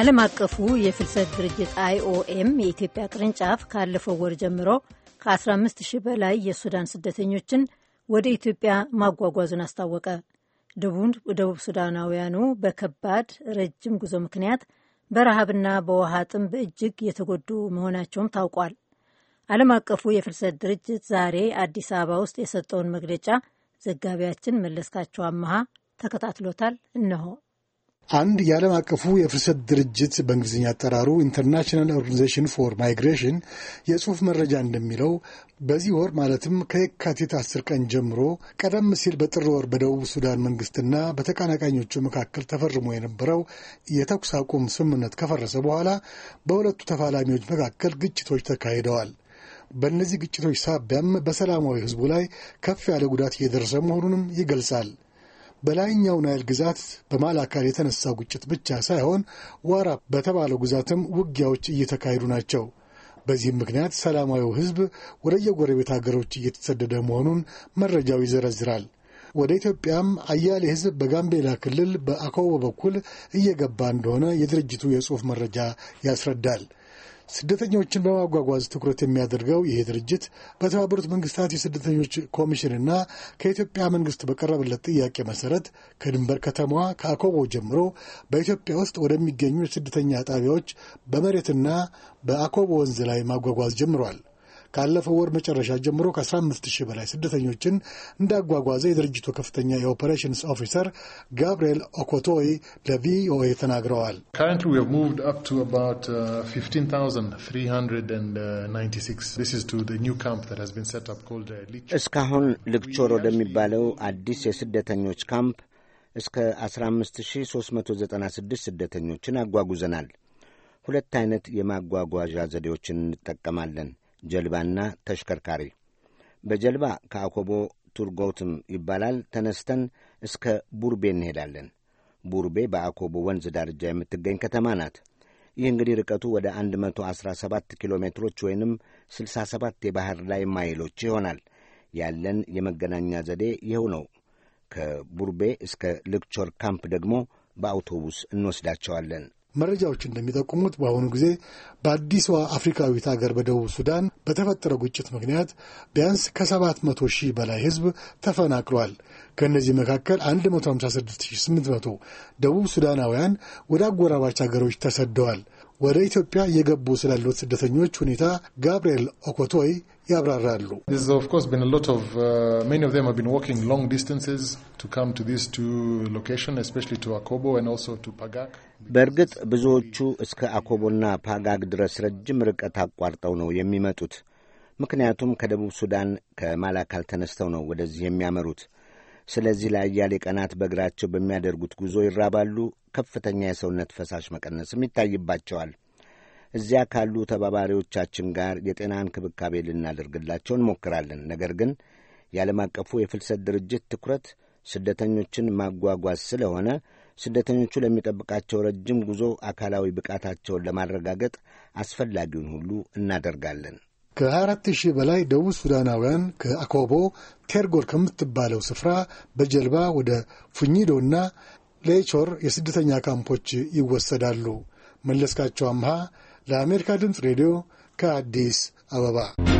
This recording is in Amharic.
ዓለም አቀፉ የፍልሰት ድርጅት አይኦኤም የኢትዮጵያ ቅርንጫፍ ካለፈው ወር ጀምሮ ከ15 ሺህ በላይ የሱዳን ስደተኞችን ወደ ኢትዮጵያ ማጓጓዙን አስታወቀ። ደቡብ ሱዳናውያኑ በከባድ ረጅም ጉዞ ምክንያት በረሃብና በውሃ ጥም በእጅግ የተጎዱ መሆናቸውም ታውቋል። ዓለም አቀፉ የፍልሰት ድርጅት ዛሬ አዲስ አበባ ውስጥ የሰጠውን መግለጫ ዘጋቢያችን መለስካቸው አመሃ ተከታትሎታል። እነሆ አንድ የዓለም አቀፉ የፍልሰት ድርጅት በእንግሊዝኛ አጠራሩ ኢንተርናሽናል ኦርጋኒዜሽን ፎር ማይግሬሽን የጽሑፍ መረጃ እንደሚለው በዚህ ወር ማለትም ከየካቲት አስር ቀን ጀምሮ ቀደም ሲል በጥር ወር በደቡብ ሱዳን መንግስትና በተቀናቃኞቹ መካከል ተፈርሞ የነበረው የተኩስ አቁም ስምምነት ከፈረሰ በኋላ በሁለቱ ተፋላሚዎች መካከል ግጭቶች ተካሂደዋል። በእነዚህ ግጭቶች ሳቢያም በሰላማዊ ሕዝቡ ላይ ከፍ ያለ ጉዳት እየደረሰ መሆኑንም ይገልጻል። በላይኛው ናይል ግዛት በማላካል የተነሳ ግጭት ብቻ ሳይሆን ዋራ በተባለው ግዛትም ውጊያዎች እየተካሄዱ ናቸው። በዚህም ምክንያት ሰላማዊው ሕዝብ ወደ የጎረቤት ሀገሮች እየተሰደደ መሆኑን መረጃው ይዘረዝራል። ወደ ኢትዮጵያም አያሌ ሕዝብ በጋምቤላ ክልል በአኮቦ በኩል እየገባ እንደሆነ የድርጅቱ የጽሑፍ መረጃ ያስረዳል። ስደተኞችን በማጓጓዝ ትኩረት የሚያደርገው ይህ ድርጅት በተባበሩት መንግስታት የስደተኞች ኮሚሽንና ከኢትዮጵያ መንግስት በቀረበለት ጥያቄ መሰረት ከድንበር ከተማዋ ከአኮቦ ጀምሮ በኢትዮጵያ ውስጥ ወደሚገኙ የስደተኛ ጣቢያዎች በመሬትና በአኮቦ ወንዝ ላይ ማጓጓዝ ጀምሯል። ካለፈው ወር መጨረሻ ጀምሮ ከ15 ሺህ በላይ ስደተኞችን እንዳጓጓዘ የድርጅቱ ከፍተኛ የኦፐሬሽንስ ኦፊሰር ጋብርኤል ኦኮቶይ ለቪኦኤ ተናግረዋል። uh, uh, እስካሁን ልክቾር ወደሚባለው አዲስ የስደተኞች ካምፕ እስከ 15396 ስደተኞችን አጓጉዘናል። ሁለት አይነት የማጓጓዣ ዘዴዎችን እንጠቀማለን። ጀልባና ተሽከርካሪ በጀልባ ከአኮቦ ቱርጎትም ይባላል ተነስተን እስከ ቡርቤ እንሄዳለን። ቡርቤ በአኮቦ ወንዝ ዳርጃ የምትገኝ ከተማ ናት። ይህ እንግዲህ ርቀቱ ወደ 117 ኪሎ ሜትሮች ወይንም 67 የባህር ላይ ማይሎች ይሆናል። ያለን የመገናኛ ዘዴ ይኸው ነው። ከቡርቤ እስከ ልክቾር ካምፕ ደግሞ በአውቶቡስ እንወስዳቸዋለን። መረጃዎች እንደሚጠቁሙት በአሁኑ ጊዜ በአዲሷ አፍሪካዊት ሀገር በደቡብ ሱዳን በተፈጠረው ግጭት ምክንያት ቢያንስ ከ መቶ ሺህ በላይ ህዝብ ተፈናቅሏል። ከእነዚህ መካከል 156800 ደቡብ ሱዳናውያን ወደ አጎራባች ሀገሮች ተሰደዋል። ወደ ኢትዮጵያ እየገቡ ስላሉት ስደተኞች ሁኔታ ጋብርኤል ኦኮቶይ ያብራራሉ። uh, በእርግጥ ብዙዎቹ እስከ አኮቦና ፓጋግ ድረስ ረጅም ርቀት አቋርጠው ነው የሚመጡት። ምክንያቱም ከደቡብ ሱዳን ከማላካል ተነስተው ነው ወደዚህ የሚያመሩት። ስለዚህ ለአያሌ ቀናት በእግራቸው በሚያደርጉት ጉዞ ይራባሉ። ከፍተኛ የሰውነት ፈሳሽ መቀነስም ይታይባቸዋል። እዚያ ካሉ ተባባሪዎቻችን ጋር የጤና እንክብካቤ ልናደርግላቸው እንሞክራለን። ነገር ግን የዓለም አቀፉ የፍልሰት ድርጅት ትኩረት ስደተኞችን ማጓጓዝ ስለሆነ ስደተኞቹ ለሚጠብቃቸው ረጅም ጉዞ አካላዊ ብቃታቸውን ለማረጋገጥ አስፈላጊውን ሁሉ እናደርጋለን። ከ24 ሺህ በላይ ደቡብ ሱዳናውያን ከአኮቦ ቴርጎል ከምትባለው ስፍራ በጀልባ ወደ ፉኝዶና ለኤቾር የስደተኛ ካምፖች ይወሰዳሉ። መለስካቸው አምሃ ለአሜሪካ ድምፅ ሬዲዮ ከአዲስ አበባ